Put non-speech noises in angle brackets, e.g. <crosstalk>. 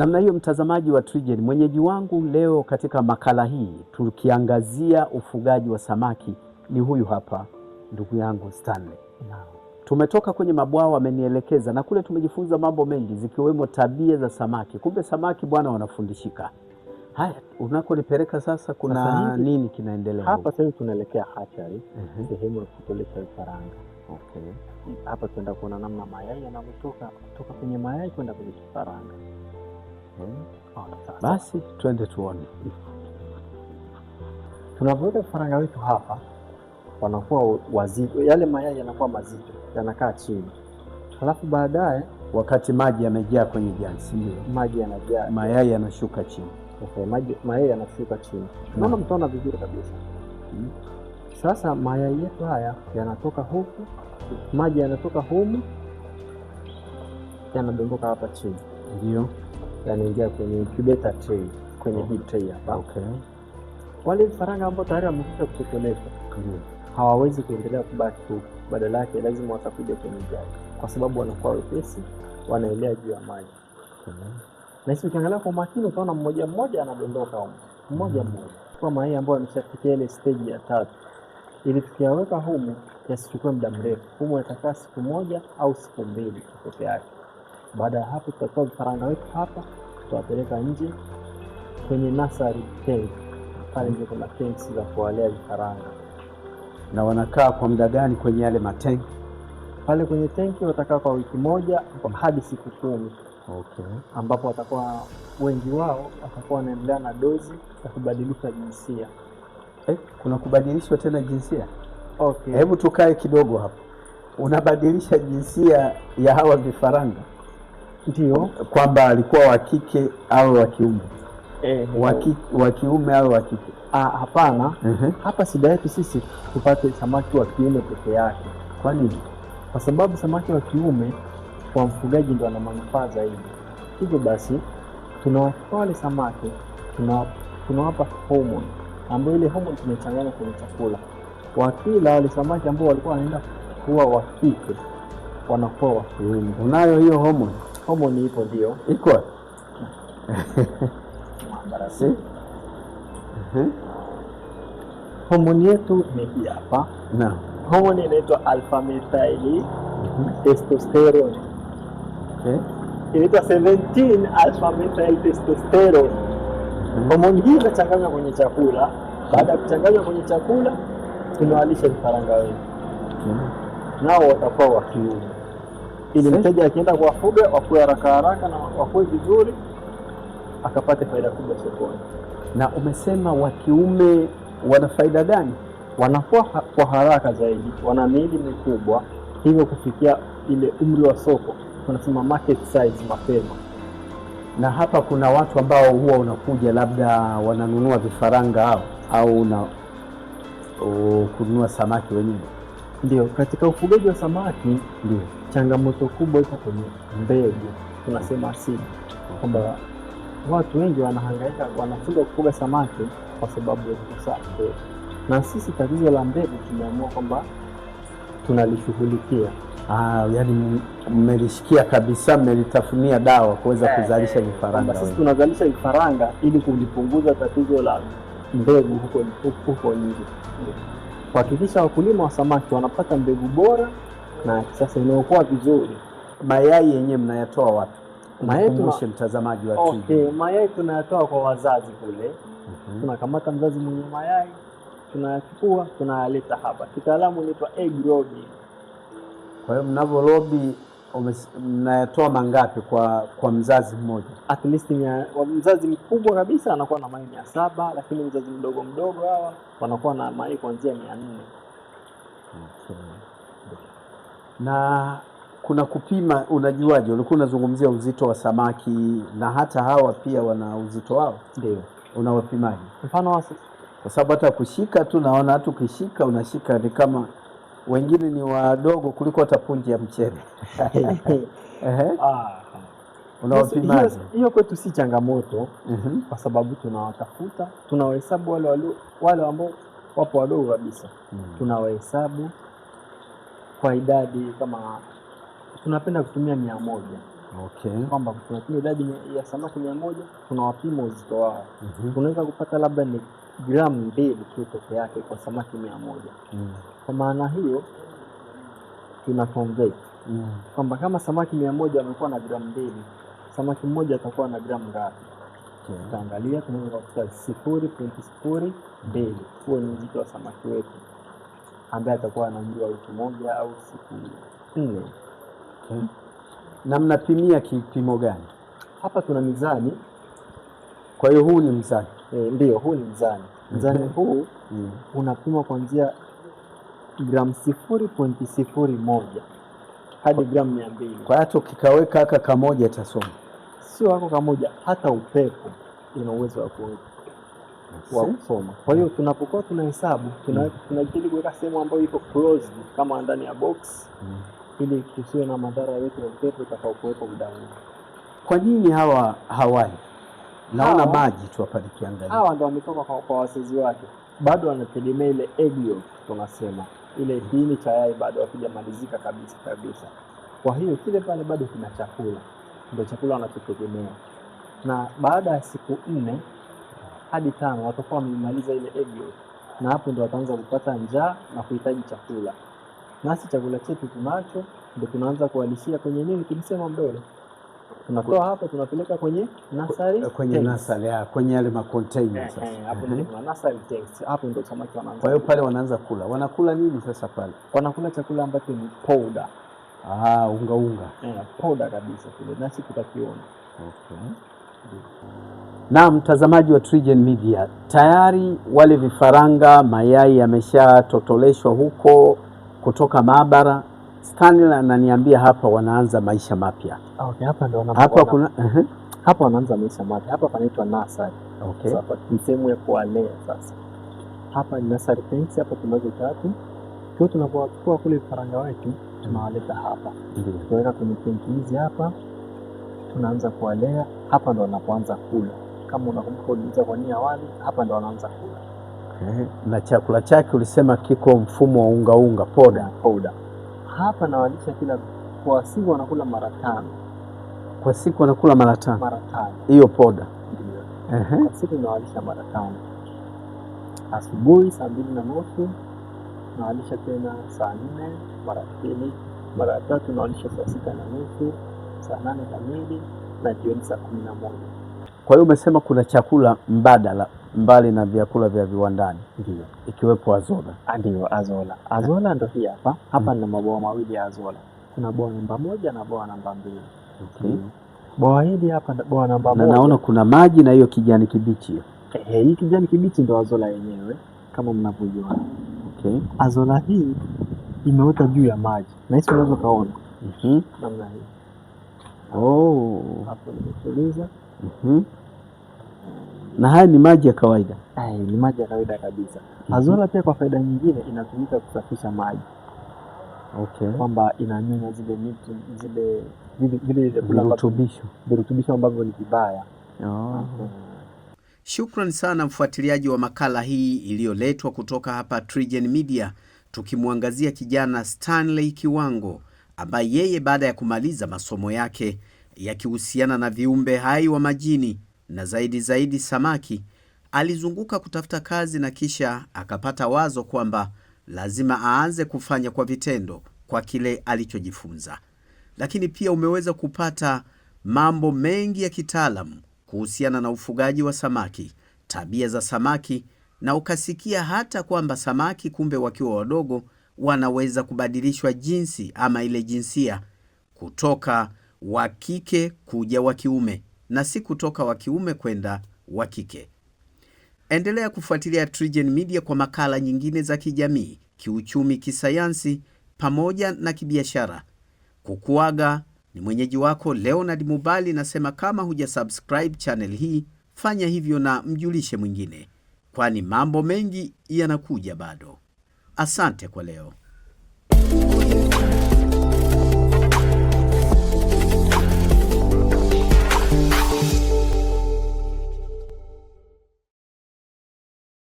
Namna hiyo, mtazamaji wa TriGen, mwenyeji wangu leo katika makala hii tukiangazia ufugaji wa samaki ni huyu hapa ndugu yangu Stanley. Tumetoka kwenye mabwawa, amenielekeza na kule tumejifunza mambo mengi, zikiwemo tabia za samaki. Kumbe samaki bwana wanafundishika. Haya, unakonipeleka sasa, kuna sasa nini kinaendelea hapa? Sasa tunaelekea hatchery, mhm. sehemu ya kutolea vifaranga. Okay, hapa tunaenda kuona namna mayai yanavyotoka kutoka kwenye mayai kwenda kwenye kifaranga. Ah, Basi twende tuone. Tunavyoweka vifaranga wetu hapa, wanakuwa wazito, yale mayai yanakuwa mazito, yanakaa chini, halafu baadaye wakati maji yamejaa kwenye jansi, maji yanajaa, mayai yanashuka chini. Okay, mayai yanashuka chini, naona hmm. mtaona vizuri kabisa. Hmm. Sasa mayai yetu haya yanatoka huku, maji yanatoka humu, yanadondoka hapa chini, ndio yanaingia kwenye incubator tray, kwenye hii oh. tray hapa. Okay. Wale vifaranga ambao tayari wamekwisha kutekeleza mm. hawawezi kuendelea kubaki huku, badala yake lazima watakuja kwenye gari, kwa sababu wanakuwa wepesi, wanaelea juu ya maji. Na hisi ukiangalia kwa makini utaona mmoja mmoja anadondoka huko, mmoja mm. mmoja, kwa mayai ambayo yameshafikia ile stage ya tatu, ili tukiyaweka humu yasichukue muda mrefu. Humu yatakaa siku moja au siku mbili peke yake. Baada ya hapo, tutachukua vifaranga wetu hapa, tutawapeleka nje kwenye nasari tenki Pale nje kuna tanks za kuwalea vifaranga. Na wanakaa kwa muda gani kwenye yale matenki? Pale kwenye tenki watakaa kwa wiki moja hadi siku kumi. Okay. Ambapo watakuwa wengi wao watakuwa wanaendelea na dozi ya kubadilisha jinsia. Eh, kuna kubadilishwa tena jinsia? Okay. Hebu tukae kidogo hapo. Unabadilisha jinsia ya hawa vifaranga ndio kwamba alikuwa wa kike au wa kiume eh, wa kiume au wa kike ah, hapana. Mhm. Hapa shida yetu sisi tupate samaki wa kiume peke yake. Kwa nini? Kwa sababu samaki wa kiume kwa mfugaji ndo ana manufaa zaidi. Hivyo basi tunawachukua wale samaki tunawapa homoni ambayo ile homoni tumechanganya kwenye chakula, wakila wale samaki ambao walikuwa wanaenda kuwa wa kike wanakuwa wa kiume. Unayo hiyo homoni? homoni ipo, ndio iko madarasi mhm. homoni yetu ni hii hapa. na homoni inaitwa mhm. alpha methyl testosterone. Okay, inaitwa 17 alpha methyl testosterone. Homoni hii inachanganywa kwenye chakula. Baada ya kuchanganywa kwenye chakula, tunawalisha vifaranga wetu, mhm. nao watakuwa wa kiume ili mteja akienda kuwafuga wakue haraka haraka na wakue vizuri, akapate faida kubwa sokoni. Na umesema wa kiume wana faida gani? Wanakuwa kwa haraka zaidi, wana miili mikubwa, hivyo kufikia ile umri wa soko tunasema market size mapema. Na hapa kuna watu ambao huwa unakuja labda wananunua vifaranga hao au na kununua samaki wenyewe ndio, katika ufugaji wa samaki ndio changamoto kubwa iko kwenye mbegu, tunasema asidi, kwamba watu wengi wanahangaika, wanafunga kufuga samaki kwa sababu ya kukosa mbegu, na sisi tatizo la mbegu tumeamua kwamba tunalishughulikia. Ah, yani mmelishikia kabisa, mmelitafunia dawa kuweza eh, kuzalisha eh, vifaranga. Sisi tunazalisha vifaranga ili kulipunguza tatizo la mbegu huko huko nyingi kuhakikisha wakulima wa samaki wanapata mbegu bora na kisasa inayokuwa vizuri. Mayai yenyewe mnayatoa wapi? Mayai mtazamaji wa okay, mayai tunayatoa kwa wazazi kule. mm -hmm. Tunakamata mzazi mwenye mayai tunayachukua tunayaleta hapa, kitaalamu inaitwa egg robbing. Kwa hiyo mnavyo robi mnayatoa mangapi kwa kwa mzazi mmoja? At least mia, mzazi mkubwa kabisa anakuwa na mali mia saba, lakini mzazi mdogo mdogo hawa wanakuwa na mali kuanzia mia nne. Na kuna kupima, unajuaje? Ulikuwa unazungumzia uzito wa samaki na hata hawa pia wana uzito wao, ndio unawapimaje? Mfano, kwa sababu hata kushika tu naona, hata ukishika unashika ni kama wengine ni wadogo kuliko hata punje ya mchele <laughs> ah, ah. unawapimaje? Hiyo kwetu si changamoto mm -hmm. kwa sababu tunawatafuta, tunawahesabu wale wale, wale ambao wapo wadogo kabisa mm -hmm. tunawahesabu kwa idadi kama tunapenda kutumia mia moja okay. kwamba tunatumia idadi ya samaki mia moja tunawapima uzito wao mm -hmm. tunaweza kupata labda ni gramu mbili tu peke yake kwa samaki mia moja mm. Kwa maana hiyo tuna convert mm. kwamba kama samaki mia moja amekuwa na gramu mbili, samaki mmoja atakuwa na gramu ngapi? Tutaangalia tunaweza sifuri pointi sifuri mbili. Huo ni uzito wa samaki wetu ambaye atakuwa anajua wiki moja au siku nne. Okay. Na mnapimia kipimo gani hapa? Tuna mizani, kwa hiyo huu ni mzani E, ndio huu ni mzani. Mzani huu mm. unapima kuanzia gramu sifuri pointi sifuri moja hadi gramu mia mbili. Kwa hata ukikaweka haka kamoja itasoma, sio hako kamoja, hata upepo ina uwezo wa kusoma. Kwa hiyo ah. tunapokuwa tunahesabu hmm. tunajitahidi mm. kuweka sehemu ambayo iko closed kama ndani ya box mm. ili kusiwe na madhara yote ya upepo itakaokuwepo muda mwingi. Kwa nini hawa hawai naona maji tu hapa nikiangalia. Hawa ndio wametoka kwa, kwa wasezi wake, bado wanategemea ile egg yolk tunasema ile hini tayari bado hakijamalizika kabisa kabisa. Kwa hiyo kile pale bado kina chakula, ndio chakula wanachotegemea, na baada ya siku nne hadi tano watakuwa wamemaliza ile egg yolk, na hapo ndio wataanza kupata njaa na kuhitaji chakula. Nasi chakula chetu tunacho, ndio tunaanza kuwalishia kwenye nini, kimsema mdole tunatoa hapo tunapeleka kwenye nasari kwenye nasari ya kwenye yale ma container eh, sasa. Eh, hapo mhm. ndio kuna nasari tanks, hapo ndio samaki wanaanza. Kwa hiyo pale wanaanza kula, wanakula nini sasa pale? Wanakula chakula ambacho ni powder. Ah, unga unga. Eh, powder kabisa kile, nasi tutakiona. Okay. Na mtazamaji wa TriGen Media, tayari wale vifaranga mayai yameshatotoleshwa huko kutoka maabara Stanley ananiambia hapa wanaanza maisha mapya. Okay, hapa ndo wana, hapa kuna uh -huh. Hapa wanaanza maisha mapya. Hapa panaitwa nursery. Okay. Sasa ni sehemu ya kuwalea sasa. Hapa ni nursery pens hapa tunazo tatu. Kwa tunapokuwa kule vifaranga wetu tunawaleta hapa. Ndio. Tunaweka kwenye pens hizi hapa. Tunaanza kuwalea. Hapa ndo wanapoanza kula. Kama unakumbuka uliza kwa nia awali, hapa ndo wanaanza kula. Okay. Uh-huh. Na chakula chake ulisema kiko mfumo wa unga unga poda poda hapa nawalisha kila kwa siku wanakula mara tano, kwa siku wanakula mara tano, mara tano hiyo poda. Ndiyo. Kwa siku nawalisha mara tano, asubuhi saa mbili na nusu nawalisha tena saa nne mara pili, mara tatu nawalisha saa sita na nusu, saa nane kamili na jioni saa kumi na moja. Kwa hiyo umesema kuna chakula mbadala mbali na vyakula vya viwandani ndio ikiwepo Azola. Ah, ndio Azola, Azola ndo hii hapa mm. hapa mm. na mabwawa mawili ya Azola, kuna bwawa namba moja na bwawa namba mbili. Okay. Mm. Bwawa hili hapa bwawa namba moja, naona kuna maji na hiyo kijani kibichi eh, eh, hii kijani kibichi ndo Azola yenyewe kama mnavyoiona. Okay. Azola hii imeota juu ya maji na hisi unaweza ukaona mm-hmm. namna hii. Oh. Hapo nimecheliza. Mm-hmm na haya ni maji ya kawaida. Ay, ni maji ya kawaida kabisa. Azola pia kwa faida nyingine inatumika kusafisha maji okay, kwamba inanyonya zile miti zile vile virutubisho virutubisho ambavyo ni vibaya. Oh. Shukran sana mfuatiliaji wa makala hii iliyoletwa kutoka hapa TriGen Media tukimwangazia kijana Stanley Kiwango ambaye yeye baada ya kumaliza masomo yake yakihusiana na viumbe hai wa majini na zaidi zaidi samaki, alizunguka kutafuta kazi na kisha akapata wazo kwamba lazima aanze kufanya kwa vitendo kwa kile alichojifunza. Lakini pia umeweza kupata mambo mengi ya kitaalamu kuhusiana na ufugaji wa samaki, tabia za samaki, na ukasikia hata kwamba samaki kumbe wakiwa wadogo wanaweza kubadilishwa jinsi ama ile jinsia kutoka wa kike kuja wa kiume na si kutoka wa kiume kwenda wa kike. Endelea kufuatilia TriGen Media kwa makala nyingine za kijamii, kiuchumi, kisayansi pamoja na kibiashara. Kukuaga ni mwenyeji wako Leonard Mubali, nasema kama huja subscribe channel hii fanya hivyo na mjulishe mwingine, kwani mambo mengi yanakuja bado. Asante kwa leo.